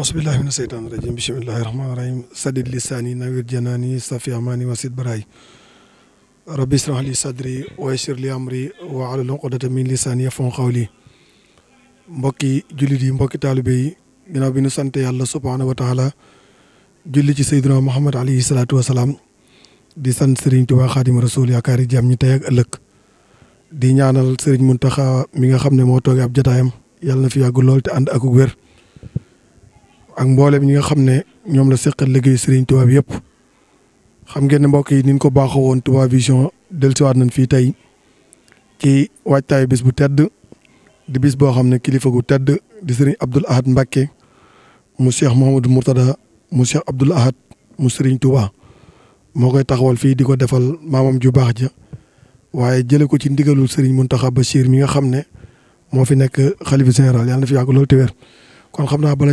ausbillahi mina seytaan rajim bisimillahi rahmaani rahim sadid lisaani nawir janaani safi amaani wasid baraay rabbi israh sadri wa yassir amri wa ahlul uqdata min lisaani yafqahu qawli mbokki jullit yi mbokki taalibe yi ginnaaw bi ñu sant yàlla subhaanahu wa taala julli ci sayduna muhammad alayhi salaatu wasalaam di sant sëriñ Tuubaa xaadima rasul yaakaari jàmm ñi tey ak di ñaanal sëriñ Muntaxa mi nga xam ne moo toogee ab jataayam na ak mi ñi nga xam ne ñoom la seqal liggéey Serigne Touba bi yëpp xam ngeen ne mbokk yi ni ko baaxoo woon Touba Vision dellusiwaat nañ fii tey ci waajtaayu bis bu tedd di bis boo xam ne kilifa gu tedd di sëriñ Abdoul Ahad Mbacké mu Cheikh Mouhamadou Mourtada mu Cheikh Abdoul Ahad mu Serigne Touba moo koy taxawal fii di ko defal maamam ju baax ja waaye jëlee ko ci ndigalul Serigne ba Bachir mi nga xam ne moo fi nekk xalifa général yàlla na fi yàgg loolu te naa bala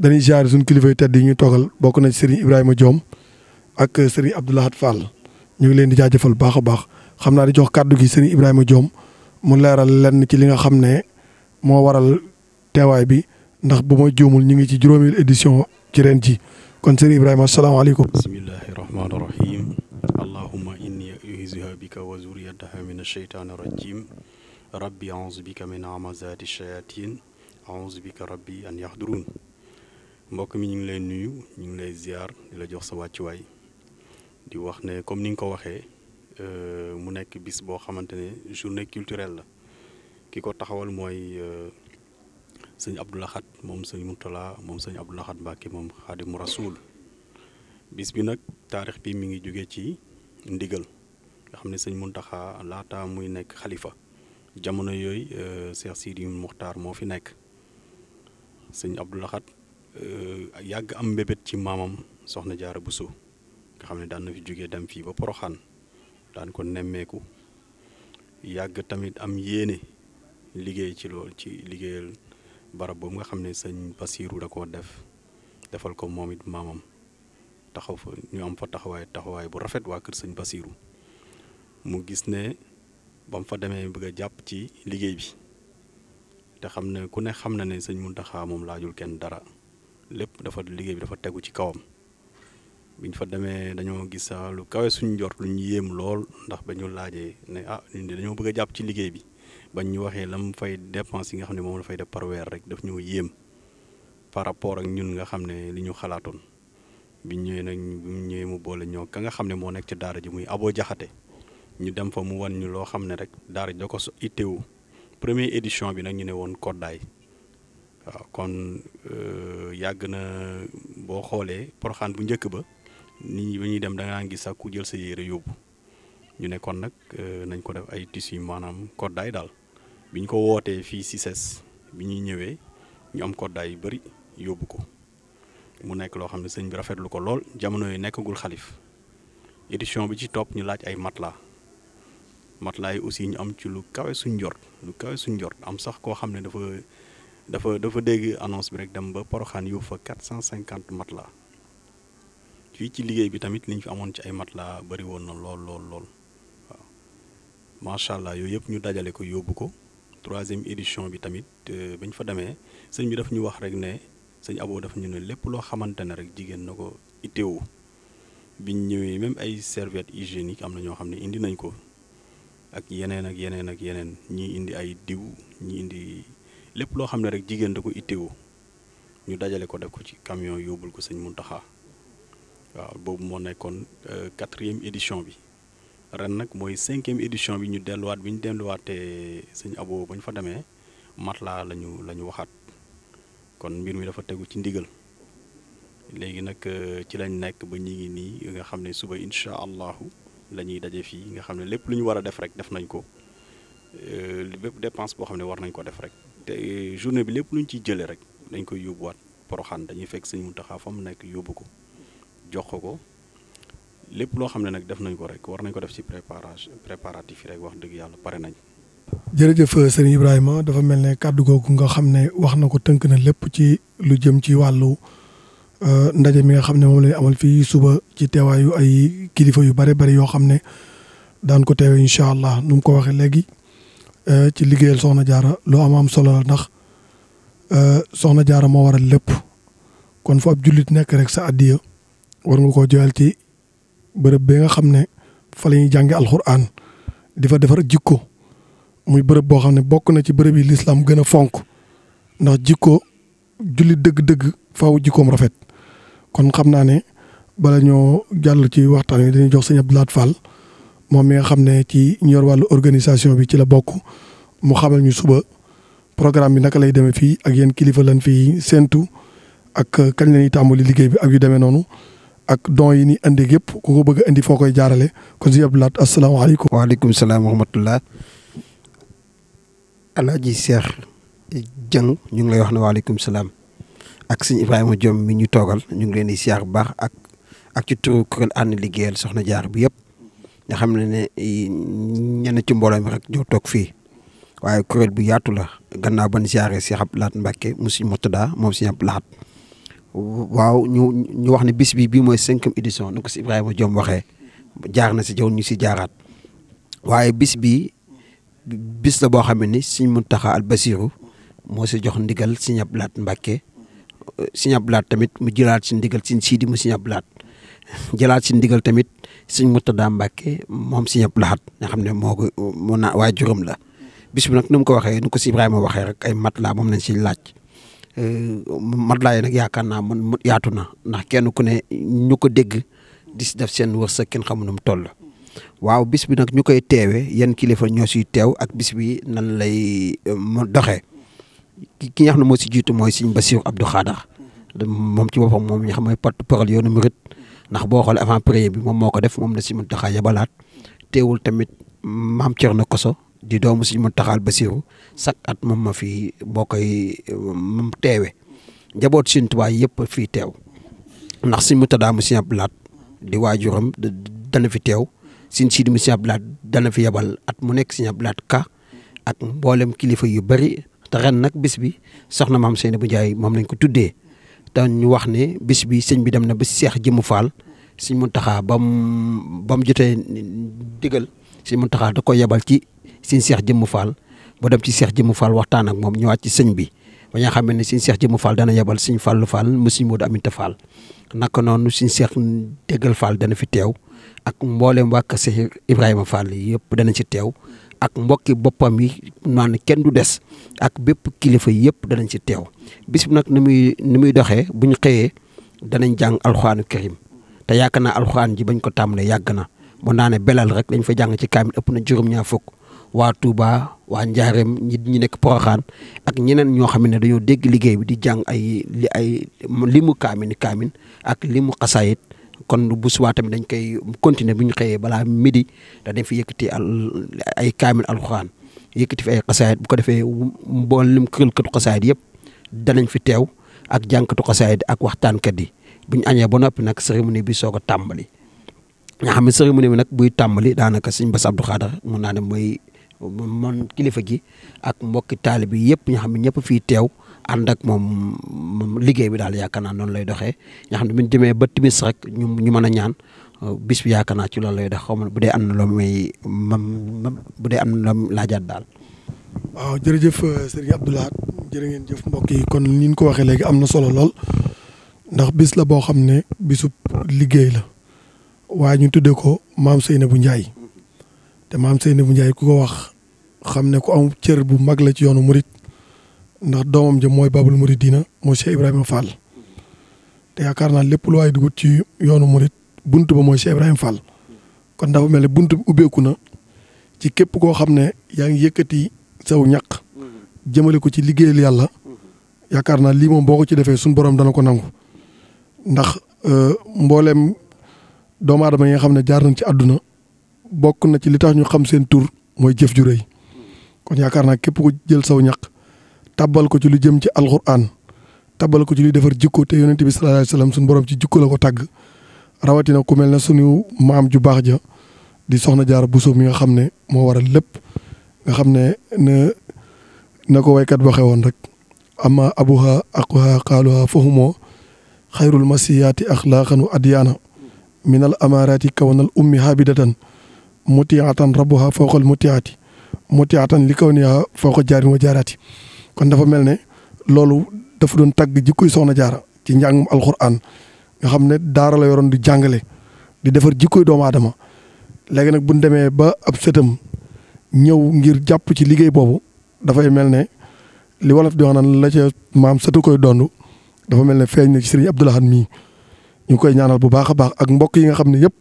dañuy ziar suñu kilifa yu tedd yi ñu toogal bokk na ci Serigne Ibrahima Diom ak Serigne Abdoulahat Fall ñu ngi leen di jaajëfal baax a baax xam naa di jox kàddu gi Serigne Ibrahima joom mu leeral lenn ci li nga xam ne moo waral teewaay bi ndax bu ma juumul ñu ngi ci juróomi édition ci ren ji kon Serigne Ibrahima asalaamaaleykum. bismillahi rahmaani rahim. allahumma inni u'iizuha bika wa zurriyataha min ash-shaytaani rajim. rabbi a'uuzu bika min hamazaati ash-shayaatiin a'uuzu bika mbokk mi ñu ngi lay nuyu ñu ngi lay ziar di la jox sa wàccuwaay di wax ne comme ni nga ko waxee euh, mu nekk bis boo xamante ne journée culturel la ki ko taxawal mooy euh, sëñ Abdou Lahad moom sëñ Mourtala moom sëñ Abdou Lahad Mbacké moom Xaadimu Rasuul bis bi nag taarix bi mi ngi jóge ci ndigal nga xam ne sëñ Muntaxa laata muy nekk xalifa jamono yooyu euh, Cheikh Sidi Muxtaar moo fi nekk sëñ Abdou Lahad Euh, yàgg am mbébét ci maamam soxna jaara Buso nga xam ne daan na fi jógee dem fii ba poroxaan daan ko nemmeeku yàgg tamit am yéene liggéey ci lool ci liggéeyal barab boobu nga xam ne sañ Basiiru da koo def defal ko moom it maamam taxaw fa ñu am fa taxawaay taxawaay bu rafet waa kër sëñ Basiiru mu gis ne ba mu fa demee bëgg jàpp ci liggéey bi te xam ne ku ne xam na ne sëñ Muntaxa moom laajul kenn dara lépp dafa liggéey bi dafa tegu ci kawam biñ fa demee dañoo gis lu kawe suñ jort lu ñu yéem lool ndax ba ñu laajee ne ah ñun dañoo bëgg a jàpp ci liggéey bi bañ ñu waxee lam fay dépense yi nga xam ne moom la fay def par weer rek daf ñoo yéem par rapport ak ñun nga xam ne li ñu xalaatoon biñ ñëwee nag biñ mu boole ñoo ka nga xam ne moo nekk ci daara ji muy aboo jaxate ñu dem fa mu wan ñu loo xam ne rek daara ji da ko itteewu première édition bi nag ñu ne woon koddaay waaw kon euh, yàgg na boo xoolee poroxaan bu njëkk ba nit ñi ba ñuy dem da ngaa gis sax ku jël sa yére yóbbu ñu nekkoon kon nag euh, nañ ko def ay tissus maanaam koddaay daal bi ñu ko wootee fii si ses bi ñuy ñëwee ñu am koddaay yu bëri yóbbu ko mu nekk loo xam ne sëñ bi rafetlu ko lool jamono yi nekkagul xalif édition bi ci topp ñu laaj ay matelas matelas yi aussi ñu am ci lu kawe suñ jot lu kawe suñ jot am sax koo xam ne dafa. dafa dafa dégg annonce bi rek dem ba Poroxaan yóbbu fa 450 matelas fii ci liggéey bi tamit li fi amoon ci ay matelas bari woon na lool lool lool waaw macha allah yooyu yëpp ñu dajale ko yóbbu ko troisième édition bi tamit ba ñu fa demee sëñ bi daf ñu wax rek ne sëñ aboo daf ñu ne lépp loo xamante ne rek jigéen na ko itteewu biñ ñëwee même ay serviettes hygiéniques am na ñoo xam ne indi nañ ko ak yeneen ak yeneen ak yeneen ñii indi ay diw ñi indi. lépp loo xam ne rek jigéen da ko itteewu ñu dajale ko def ko ci camion yóbbul ko sëñ Muntaxa waaw boobu moo nekkoon euh, quatrième édition bi ren nag mooy cinquième édition bi ñu delluwaat bi ñu delluwaatee sëñ Abo ba ñu fa demee matelas la lañu waxaat kon mbir mi dafa tegu ci ndigal léegi nag euh, ci lañ nekk ba ñu ngi nii nga xam ne suba incha allahu la ñuy daje fii nga xam ne lépp lu ñu war a def rek def nañ ko euh, bépp depanse boo xam ne war nañ ko def rek te journée bi lépp luñ ciy jëlee rek dañ koy yóbbuwaat Poroxaan dañuy fekk Sëñ Muntaxa fa mu nekk yóbbu ko jox ko ko lépp loo xam ne nag def nañ ko rek war nañ ko def ci préparage préparatif yi rek wax dëgg yàlla pare nañ. jërëjëf euh, sëriñ Ibrahima dafa mel ne kàddu kooku nga xam ne wax na ko tënk na lépp ci lu jëm ci wàllu euh, ndaje mi nga xam ne moom lañu amal fii suba ci teewaayu ay kilifa yu bare bari yoo xam ne daan ko teewee incha allah nu mu ko waxee léegi. Euh, ci liggéeyal soxna jaara loo am am solo la ndax euh, soxna jaara moo waral lépp kon fu ab jullit nekk rek sa addiya war nga koo joyal ci bërëb bi nga xam ne fa la ñuy jànge alxuraan di fa defar jikko muy bërëb boo xam ne bokk na ci bërëb yi lislaam gën a fonk ndax jikko jullit dëgg-dëgg faaw jikkoom rafet kon xam naa ne bala ñoo jàll ci waxtaan wi dañuy jox sëñ Abdou Lahad Fall moom mi nga xam ne ci ñor wàllu organisation bi ci la bokk mu xamal ñu suba programme bi naka lay demee fii ak yéen kilifa lan fii séentu ak kañ la ñuy tàmbali liggéey bi ak yu demee noonu ak don yi ni indi yëpp ku ko bëgg indi foo koy jaarale kon si Abdou Lahat asalaamaaleykum. waaleykum salaam wa rahmatulah. Alaaji Cheikh Dieng ñu ngi lay wax ne waaleykum salaam ak sëñ Ibrahima Diom mi ñu toogal ñu ngi leen di siyaar bu baax ak ak ci turu kuréel ànd liggéeyal soxna jaar bi yëpp. nga xam ne ne eh, ñenn ci mbooloo mi rek ñoo toog fii waaye kuréel bu yaatu la gannaaw ba ziare Cheikh Abdou Lahad Mbacké mu Serigne Mourtada moom Serigne Abdou waaw ñu wax ne bis bi bii mooy cinquième édition nu si Ibrahima Diom waxee jaar na si jaw ñu si jaaraat waaye bis bi bis boo xam ne ni Serigne Mountakha al Bassirou moo si jox ndigal Serigne Abdou Lahad Mbacké Serigne Abdou Lahad tamit mu jëlaat si ndigal si Sidi mu Serigne Abdou Lahad jëlaat si ndigal tamit sëñ Murtada Mbàkke moom si ñëpp laxat nga xam ne moo ko moo naa la bis bi nag nu ko waxee nu ko si Ibrahima waxee rek ay matelas moom lañ si laaj euh, matelas yi nag yaakaar naa man yaatu na ndax kenn ku ne ñu ko dégg di si def seen wërsëg kenn xamu nu mu toll. waaw bis bi nag ñu koy teewe yan kilifa ñoo siy teew ak bis na nan lay euh, doxee ki nga xam ne moo si jiitu mooy sëñ Bassirou Abdou Khadar moom ci boppam moom ñi xam mooy porte-parole yoonu ndax boo xoolee avant prière bi moom moo ko def moom la Sëriñ Muntaxa yabalaat teewul tamit maam na Koso di doomu Sëriñ Muntaxa Basiru chaque at moom ma fii boo koy moom teewee njaboot Sëriñ Tuubaa yëpp fii teew ndax Sëriñ Murtadaa mu Sëriñ di waajuram dana fi teew Sëriñ Siidi mu Sëriñ Abdulaat dana fi yabal at mu nekk Sëriñ Abdulaat ka at mboolem kilifa yu bari te ren nag bis bi na maam Seynabou Ndiaye moom lañ ko tuddee daan ñu wax ni bis bi sëñ bi dem na ba Seex Jëmm Faal sëñ Muntaxa ba mu ba mu jotee digal sëñ taxaa da ko yebal ci sëñ Seex Jëmm Faal boo dem ci Seex Jëmm Faal waxtaan ak moom ñëwaat ci sëñ bi ba nga xam ne siñ Seex Jëmm Faal dana yebal sëñ Fàllu Faal mu sëñ Moodu Aminta Faal naka noonu sëñ Seex Déggal Faal dana fi teew ak mboolem waa Seex Ibrahima Faal yëpp dana ci teew ak mbokki boppam yi maanaam kenn du des ak bépp kilifa yëpp danañ ci teew bis bi nag ni muy ni muy doxee bu ñu xëyee danañ jàng alxuraanu karim te yaakaar naa alxuraan ji bañ ko tàmbalee yàgg na mën naa ne belal rek dañ fa jàng ci kaamil ëpp na juróom-ñaar fukk waa Touba waa Njaareem ñi ñu nekk Poroxaan ak ñeneen ñoo xam ne dañoo dégg liggéey bi di jàng ay li ay limu kaamin kaamin ak limu xasaayit kon bu suwaata mi dañ koy continuer bu ñu xëyee balaa midi dañ fi yëkkati al ay kaamil alxuraan yëkkati fi ay xasaayit bu ko defee mbool mboolem këlkatu xasaayit yëpp danañ fi teew ak jànkatu xasaayit ak waxtaankat yi bu ñu añee ba noppi nag cérémonie bi soog a tàmbali. nga xam ne cérémonie bi nag buy tàmbali daanaka sëñ Bass Abdou Khadre mun naa ne mooy man kilifa gi ak mbokki taalibe bi yëpp ñoo xam ne ñëpp fii teew. ànd ak moom liggéey bi daal yaakaar naa noonu lay doxee nga xam ne bu ñu demee ba timis rek ñu ñu mën a ñaan euh, bis bi yaakaar naa ci loolu lay dox xaw ma bu dee am na loo may bu dee am na laajaat daal. waaw jërëjëf euh, Serigne Abdou ngeen jëf mbokk yi kon ni ko waxee léegi am na solo lool ndax bis la boo xam ne bisub liggéey la waaye ñu tuddee ko maam bu njaay te maam bu Ndiaye ku ko wax xam ne ku am cër bu mag la ci yoonu murit ndax doomam jëm mooy babul muridina mooy Cheikh Ibrahima Fall te yaakaar naa lépp lu waay dugut ci yoonu murid bunt ba mooy Cheikh Ibrahima Fall kon dafa mel ne bunt bi ubbeeku na ci képp koo xam ne yaa ngi yëkkati saw ñaq jëmale ko ci liggéeyal yàlla yaakaar naa lii moom boo ko ci defee suñu borom dana ko nangu ndax euh, mbooleem doomu aadama yi nga xam ne jaar nañ ci àdduna bokk na ci li tax ñu xam seen tur mooy jëf ju rëy kon yaakaar naa képp ku jël saw ñaq tabbal ko ci lu jëm ci alxuraan tabbal ko ci luy defar jikko te yonent bi sallallahu alayhi wasallam suñu borom ci jikko la ko tàgg rawatina ku mel ne suñu maam ju baax ja di soxna Jaara Buso mi nga xam ne moo waral lépp nga xam ne na ko waykat waxee woon rek ama abuha aquha qaaluha fahumoo xayrul masiyaati axlaaqan wa adyaana min al amaaraati kawnal ummi habidatan mutiatan rabbuha fawqal mutiaati mutiatan li kawniha fawqa jaarin wa jaaraati kon dafa mel ne loolu dafa doon tàgg jikkoy soxna jaara ci njàngum alxuraan nga xam ne daara la yoroon di jàngale di defar jikkoy doomu adama léegi nag bu ñu demee ba ab sëtam ñëw ngir jàpp ci liggéey boobu dafay mel ne li wolof di wax na la ca maam sëtu koy dondu dafa mel ne feeñ na ci sëriñ Abdou Lahad nii ñu koy ñaanal bu baax baax ak mbokk yi nga xam ne yëpp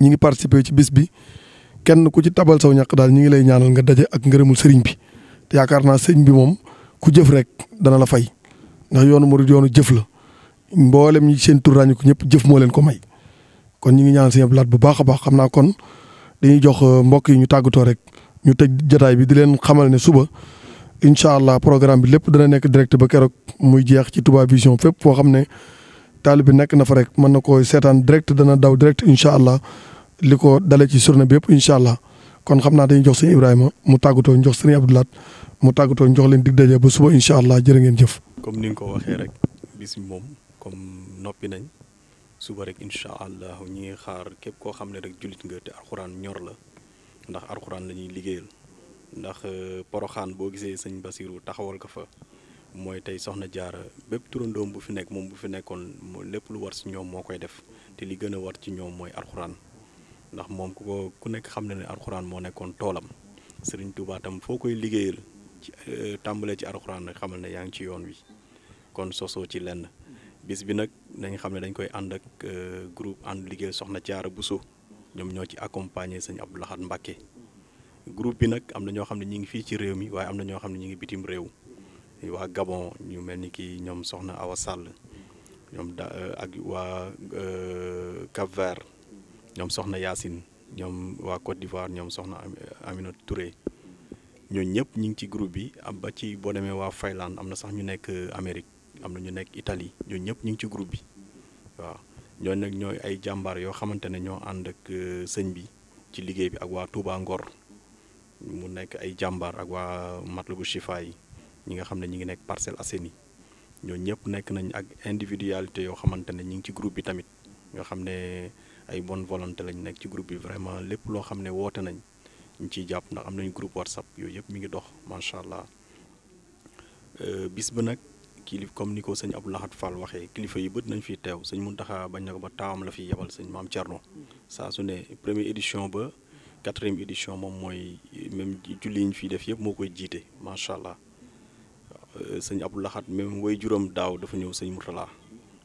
ñi ngi participer ci bis bi kenn ku ci tabal saw ñàq daal ñi ngi lay ñaanal nga daje ak ngërëmul sëriñ bi yaakaar naa sëñ bi moom ku jëf rek dana la fay ndax yoonu murid yoonu jëf la mboolem ñi seen tur ko ñëpp jëf moo leen ko may. kon ñu ngi ñaan sëñ Abdou bu baax a baax xam naa kon dañuy jox euh, mbokk yi ñu tàggatoo rek ñu teg jotaay bi di leen xamal ne suba incha allah programme bi lépp dana nekk direct ba keroog muy jeex ci Touba Vision fépp foo xam ne taalibe bi nekk na fa rek mën na koo seetaan direct dana daw direct incha allah li ko dale ci journée yëpp incha allah. kon xam naa dañuy jox sëñ Ibrahima mu tàggatoo ñu jox sëñ Abdou Lahad mu tàggatoo ñu jox leen dig daje ba suba incha allah jërë ngeen jëf. comme ni nga ko waxee rek bis moom comme noppi nañ suba rek incha allah ñu ngi xaar képp koo xam ne rek jullit nga te alxuraan ñor la ndax alxuraan la ñuy liggéeyal ndax euh, poroxaan boo gisee sëñ Basiru taxawal ko fa. mooy tey soxna jaara bépp turandoom bu fi nekk moom bu fi nekkoon lépp lu war ci ñoom moo koy def te li gën a war ci ñoom mooy alxuraan ndax moom ku ko ku nekk xam na ne alxuraan moo nekkoon toolam Serigne Touba tam foo koy liggéeyal ci euh, tàmbalee ci alxuraan rek xamal ne yaa ngi ci yoon wi kon sosoo ci lenn bis bi nag nañ xam ne dañ koy ànd ak euh, groupe ànd liggéeyal soxna Diarra Bousso ñoom ñoo ci accompagner sëñ Abdou Lahad Mbacké groupe bi nag am na ñoo xam ne ñu ngi fii ci réew mi waaye am na ñoo xam ne ñu ngi bitim réew waa Gabon ñu mel ni kii ñoom soxna Awa sàll ñoom da euh, ak waa Cap-Vert ñoom soxna Yacine ñoom waa Côte d'Ivoire ñoom soxna Amina ture ñooñu ñëpp ñu ngi ci groupe bi am ba ci boo demee waa Finlande am na sax ñu nekk Amérique am na ñu nekk Italie ñooñu ñëpp ñu ngi ci groupe bi waaw ñooñu nag ñooy ay jàmbaar yoo xamante ne ñoo ànd ak euh, sëñ bi ci liggéey bi ak waa Touba Ngor mu nekk ay jàmbaar ak waa Matlabu Chifa yi ñi nga xam ne ñu ngi nekk Parcelles Assainies ñooñu ñëpp nekk nañ ak individualité yoo xamante ne ñu ngi ci groupe bi tamit nga xam ne. ay bon volonté lañu nekk ci groupe bi vraiment lépp loo xam ne woote nañ ñu ciy jàpp ndax am nañu groupe whatsapp yooyu yëpp mu ngi dox macha allah euh, bis ba nag kilif comme ni ko sëñ Abdou Lahad Fall waxee kilifa yi bët nañ fi teew sëñ Mountakha bañ na ko ba taawam la fi yebal sëñ maam Thierno saa su ne première édition ba quatrième édition moom mooy même julli yi ñu fiy def yëpp moo koy jiite macha allah euh, sëñ Abdou Lahad même way juróom daaw dafa ñëw sëñ Mourtala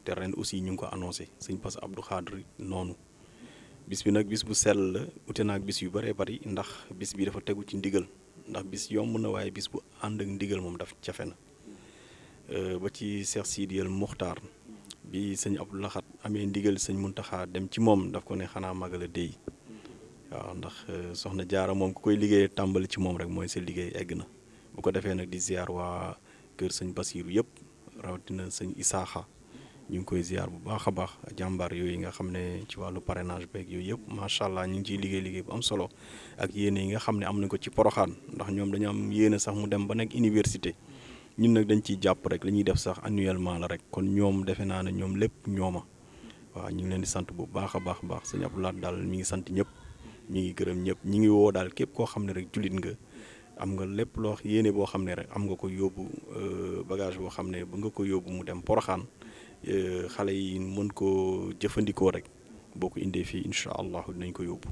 te ren aussi ñu ngi ko annoncé sëñ Bass Abdou Khadri noonu. bis bi nag bis bu sell la ute naag bis yu bëree bari ndax bis bi dafa tegu ci ndigal ndax bis yomb na waaye bis bu ànd ak ndigal moom daf cafe na euh, ba ci Cheikh Sidiyal Muxtaar bi sëñ Abdou laxat amee ndigal sëñ Muntaxa dem ci moom daf ko ne xanaa magal a déy waaw ndax euh, soxna jaara moom ku koy liggéey tàmbali ci moom rek mooy sa liggéey egg na bu ko defee nag di ziar waa kër sañ Basiiru yëpp rawatina sëñ Isaaxa ñu ngi koy ziar bu baax a baax jàmbaar yooyu nga xam ne ci wàllu parrainage beeg yooyu yëpp macha allah ñu ngi ci liggéey liggéey bu am solo ak yéene yi nga xam ne am na ko ci poroxaan ndax ñoom dañu am yéene sax mu dem ba nekk université ñun nag dañ ciy jàpp rek li ñuy def sax annuellement la rek kon ñoom defe naa ne ñoom lépp ñooma waaw ñu ngi leen di sant bu baax a baax a baax sëñ laat daal mi ngi sant ñëpp ñu ngi gërëm ñëpp ñu ngi woo daal képp koo xam ne rek jullit nga am nga lépp loo yéene boo xam ne rek am nga ko yóbbu euh, bagage boo xam ne ba nga ko yóbbu mu dem poroxaan Euh, xale yi mën koo jëfandikoo rek boo ko indee fii incha allah dinañ ko yóbbu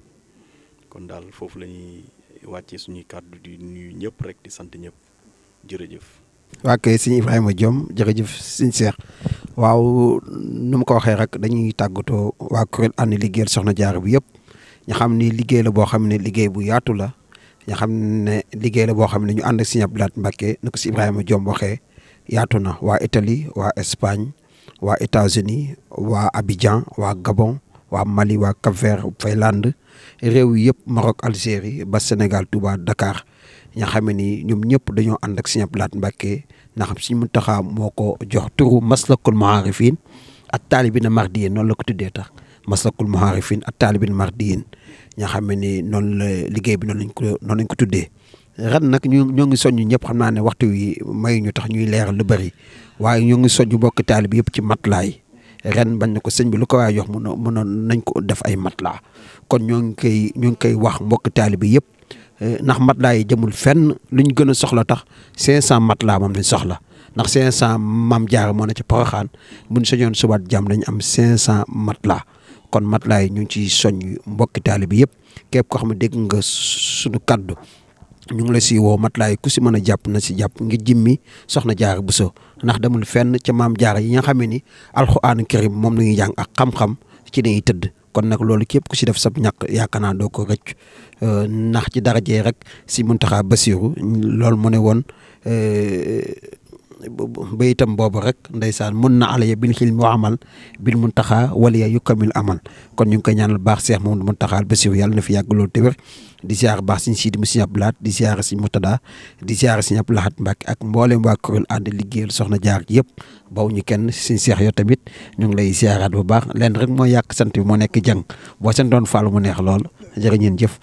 kon daal foofu la ñuy wàccee suñuy kàddu di nuyu ñëpp rek di sant ñëpp jërëjëf. waa kay sëñ Ibrahima Diom jërëjëf sëñ Cheikh waaw nu mu ko waxee rek dañuy tàggatoo waa kuréel ànd liggéeyal soxna Jaara bi yëpp ñu xam ni liggéey la boo xam ne liggéey bu yaatu la ñu xam ne liggéey la boo xam ne ñu ànd ak sëñ Abdou Lahat Mbacké ko si Ibrahima Diom waxee yaatu na waa Italie waa Espagne. waa États-Unis waa Abidjan waa Gabon waa Mali waa Cap-Vert Finlande réew yëpp Maroc Algérie ba Sénégal Touba Dakar ña xam ni ñoom ñëpp dañoo ànd ak Sëñ Abdou Lahad Mbacké nga xam Sëñ moo ko jox turu maslakul muharifin ak taalibina mardiyin noonu la ko tuddee tax maslakul muharifin ak taalibina mardiyin ña xam ni noonu la liggéey bi noon lañ ko noonu lañ ko tuddee ren nag ñu ñoo ngi soññ ñëpp xam naa ne waxtu wi may ñu tax ñuy leer la bari waaye ñoo ngi soññ mbokki taalib yëpp ci matelas laay ren bañ na ko sëñ bi lu ko waay jox mënoon mënoon nañ ko def ay matt laa kon ñoo ngi koy ñoo ngi koy wax mbokki taalib yëpp eh, ndax matelas yi jëmul fenn lu ñu gën a soxla tax 500 matelas moom lañ soxla ndax 500 maam jaar moo ne ci Porokhane bu ñu soñoon jàmm dañu am 500 matelas kon matelas yi ñu ngi ciy soññ mbokki taalib yëpp képp koo xam ne dégg nga suñu kaddu ñu ngi la si woo matelas yi ku si mën a jàpp na si jàpp ngi jimmi soxna jaar bu so ndax demul fenn ca maam jaara yi nga xam ne ni alxuraanu karim moom la ñuy jàng ak xam-xam ci dañuy tëdd kon nag loolu képp ku si def sab ñàkk yaakaar naa doo ko rëcc euh, ndax ci dara darajee rek si Muntaxa Basiru loolu mu ne woon euh, ba itam boobu rek ndeysaan mun na alaya bil xilmi wa amal bil muntaxaa waliya yukkamil amal kon ñu ngi koy ñaanal baax seex moom muntaxaal Basiru yàlla na fi yàgg loolu te wér di siyaar baax suñ siidi mu suñu ab laat di siyaar suñ Murtada di siyaar suñu ab laxat Mbàkke ak mbooleem waa kuréel ànd liggéeyal soxna jaar yëpp baw ñu kenn suñ seex yoo tamit ñu ngi lay siyaaraat bu baax leen rek mooy yàq sant bi moo nekk jàng boo seen doon fàll mu neex lool jërë ñeen jëf